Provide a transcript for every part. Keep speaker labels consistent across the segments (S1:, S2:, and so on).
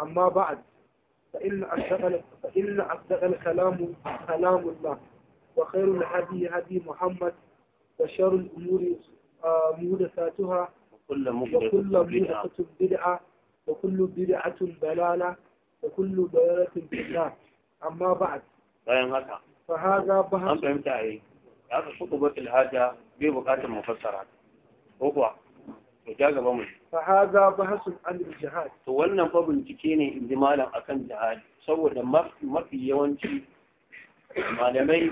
S1: أما بعد فإن أصدق فإن أصدق الكلام كلام الله وخير الهدي هدي محمد وشر الأمور آه، محدثاتها وكل محدثة بدعة وكل بدعة ضلالة وكل ضلالة في النار أما بعد
S2: فهذا بحث أنت أنت أي هذا خطبة الهاجة ببقاة المفسرات هو mu ja gaba mu
S1: fa bahsun
S2: an jihad to wannan fa bincike ne in malam akan jihad saboda mafi yawanci malamai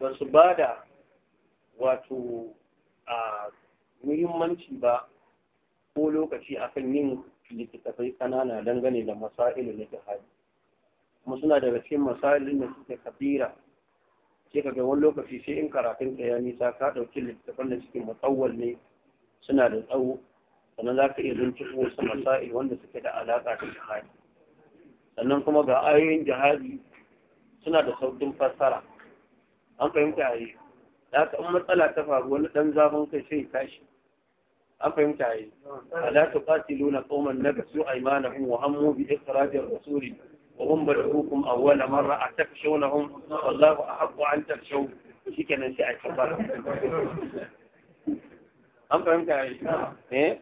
S2: ba su bada wato a muhimmanci ba ko lokaci akan yin littattafai kanana dangane da masailu na jihad kuma suna daga cikin masalilin da suke kabira sai ka ga wani lokaci sai in karatun ɗaya nisa ka ɗauki littattafan da suke matsawal ne suna da tsawo sannan za ka iya binciko wasu masa'il wanda suke da alaƙa da jihadi sannan kuma ga ayoyin jihadi suna da sauƙin fassara an fahimta a yi da haka in matsala ta faru wani ɗan zafin kai sai tashi an fahimta a yi ala luna tsoman na qauman nagasu aymanahum wa hammu bi ikhrajir rasuli wa a bad'ukum awwala marra atakshawnahum wallahu ahaqqu an shi kenan sai a tabbata an fahimta ya yi eh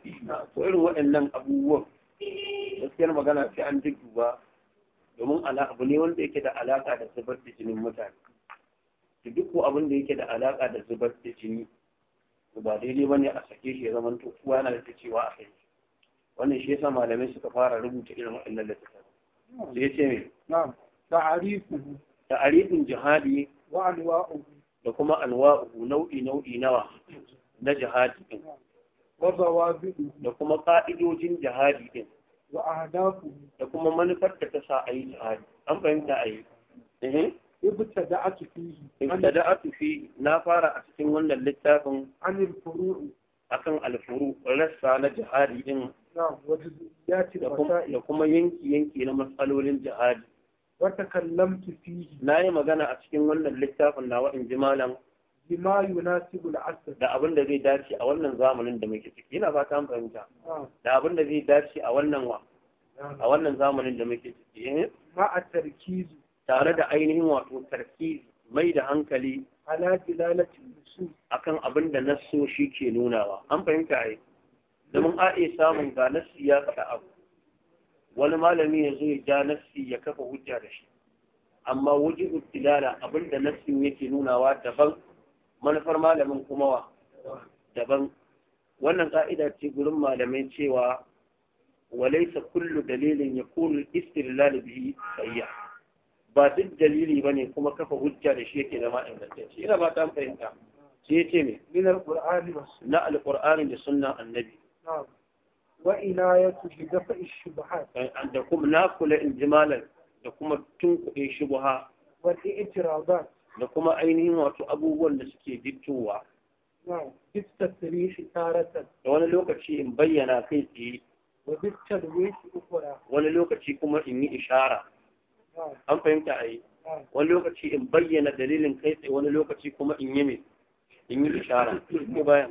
S2: to irin waɗannan abubuwan gaskiyar magana sai an dudduba domin abu ne wanda yake da alaƙa da zubar da jinin mutane to duk abin da yake da alaƙa da zubar da jini ba daidai ba ne a sake shi ya zama to kowa yana da cewa a kai wannan shi yasa malamai suka fara rubuta irin waɗannan littattafai da ya ce me Da ta'arifu ta'arifin jihadi da kuma anwa'u nau'i nau'i nawa na jihadi din da kuma ka'idojin jihadi din da kuma manufar da ta sa a yi jihadi an fahimta a yi ibtada'atu fihi na fara a cikin wannan littafin anil furu'i akan alfuru rassa na jihadi din da kuma yanki yanki na matsalolin jihadi wata kallamtu fihi na yi magana a cikin wannan littafin na wa'in jimalan bima yunasibu al'asr da abin da zai dace a wannan zamanin da muke ciki ina fata an fahimta ah. da abin da zai dace a wannan wa a wannan zamanin da muke ciki eh ma a
S1: tarkizu
S2: tare da ainihin wato tarkiz mai da hankali
S1: ala dilalati su.
S2: akan abin da nasso shi ke nunawa an fahimta ai eh? domin a iya samun ga nasi ya faɗa abu wani malami ya zo ya ja ya kafa hujja da shi amma wujibul dilala abin da nasi yake nunawa daban manufar malamin kuma wa daban wannan ka'ida ce gurin malamai cewa walaisa kullu dalilin ya kunu istilal bihi sayya ba duk dalili bane kuma kafa hujja da shi yake zama ingantacce ina ba ta fahimta sai yace me min
S1: alqur'ani
S2: na alqur'ani da sunnan annabi wa
S1: inayatu bi dafa'i
S2: shubuhat da kuma nakula injimalan da kuma tunkuɗe shubuha wal i'tiradat da kuma ainihin wato abubuwan da suke gittowa
S1: da wani
S2: lokaci in bayyana kai tsaye wani lokaci kuma in yi ishara an fahimta a yi wani lokaci in bayyana dalilin kai tsaye wani lokaci kuma in yi in yi ishara bayan